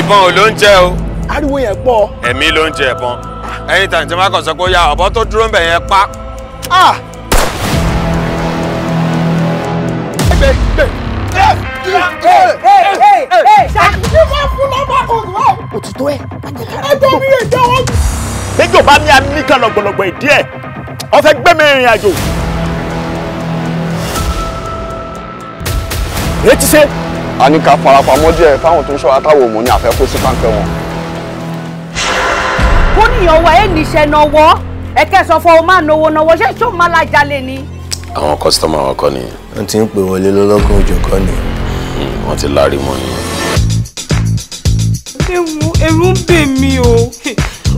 ìbọn ò ló ń jẹ o. ariwo yẹn pọ̀. ẹ̀mí ló ń jẹ ẹ̀bọn ẹ̀yìn tàǹtí má kàn sọ pé ó yá ọ̀bọ tó dúró ń yẹn pa. òtítọ́ ẹ̀ ajẹ́kára ẹgbẹ́ mi lè ní amíkà lọ́gbọ̀lọ́gbọ̀ ìdí ẹ̀ ọ̀fẹ́ gbẹ́mí ìrìn àjò. èyí ti ṣe a ní ká farapamọ́ díẹ̀ fáwọn tó ń ṣọ́ra táwọn òmò ní àfẹ́ sí páńpẹ́ wọn. kó nìyàn wá ẹ níṣẹ́ náwó ẹ kẹsàn fún ọ máa náwó náwó ṣé ṣó máa la jalè ni. àwọn kọ́sítọ́mù àwọn kan nìyẹn. wọ́n ti ń pè wọlé lọ́lọ́kan òjò kan ni. Hmm, wọ́n ti láàrí mọ́ ni. ewu ẹ̀rù ń bè mí o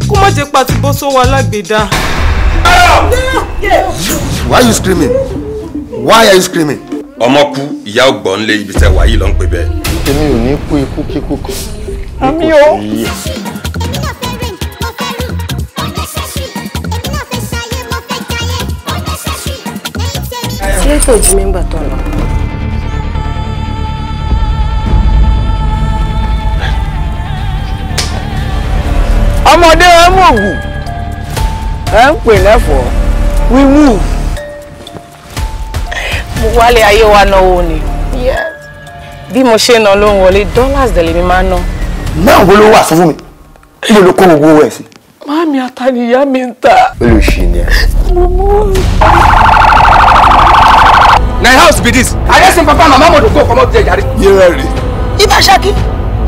kó má jẹ́ pàtí bọ́ sọ́wọ́ alágbèédá. Why are you screaming? Why are you screaming? ọmọ kú ìyá ọgbọ̀n lé ibi tẹ wàyí ló ń pè bẹ́ẹ̀. èmi ò ní kú ikú kíkú kan. àmì o. ṣé jí mi ń gbà lọ. ọmọdé ẹ mọ̀ wù ẹ ń pè lẹ́fọ̀ọ́ we move mo wálé ayé wa náwó ni bí mo ṣe ná ló ń wọlé dollars dẹ̀lẹ̀ mi máa ná. náà wo ló wà sọ fún mi ilé ló kó gbogbo ẹ̀ sí. Mami àtàníyá mi ń ta. Olùsí ni ẹ. Na house be this. Adesin papa mama mo dùn kó kọ́mọ́ jẹ jàre. Yẹ́rẹ́ rè. Ibà ṣákí.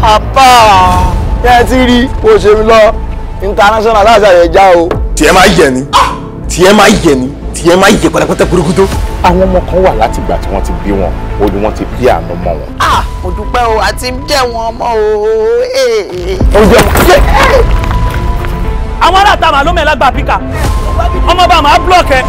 Àbá. ẹ ti rí bó ṣe ń lọ international láti àyẹ̀já o. Ah! Tiẹ̀ máa yẹ ni. Tiẹ̀ máa yẹ ni. Tiẹ̀ máa yẹ pẹ̀lẹ́pẹ̀lẹ́ kúrúkútó àwọn ọmọ kan wà látìgbà tí wọ́n ti bí wọn o ni wọ́n ti bí àánú mọ́ wọn. a ah, mo dúpẹ́ o àti jẹ́ wọn ọmọ o. àwọn ará ta màá ló mẹ́lá gba píkà ọmọ bá màá búlọ̀kẹ́.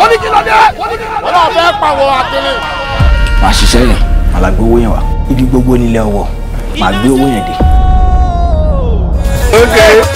wọ́n ní kí ló dé wọ́n ní kí ló dé. wọ́n náà fẹ́ pàwọ̀ àtẹlẹ. màá ṣiṣẹ́ yẹn màá la gbowó yẹn wá ibi gbogbo nílẹ̀ ọwọ́ màá gbé owó yẹn okay.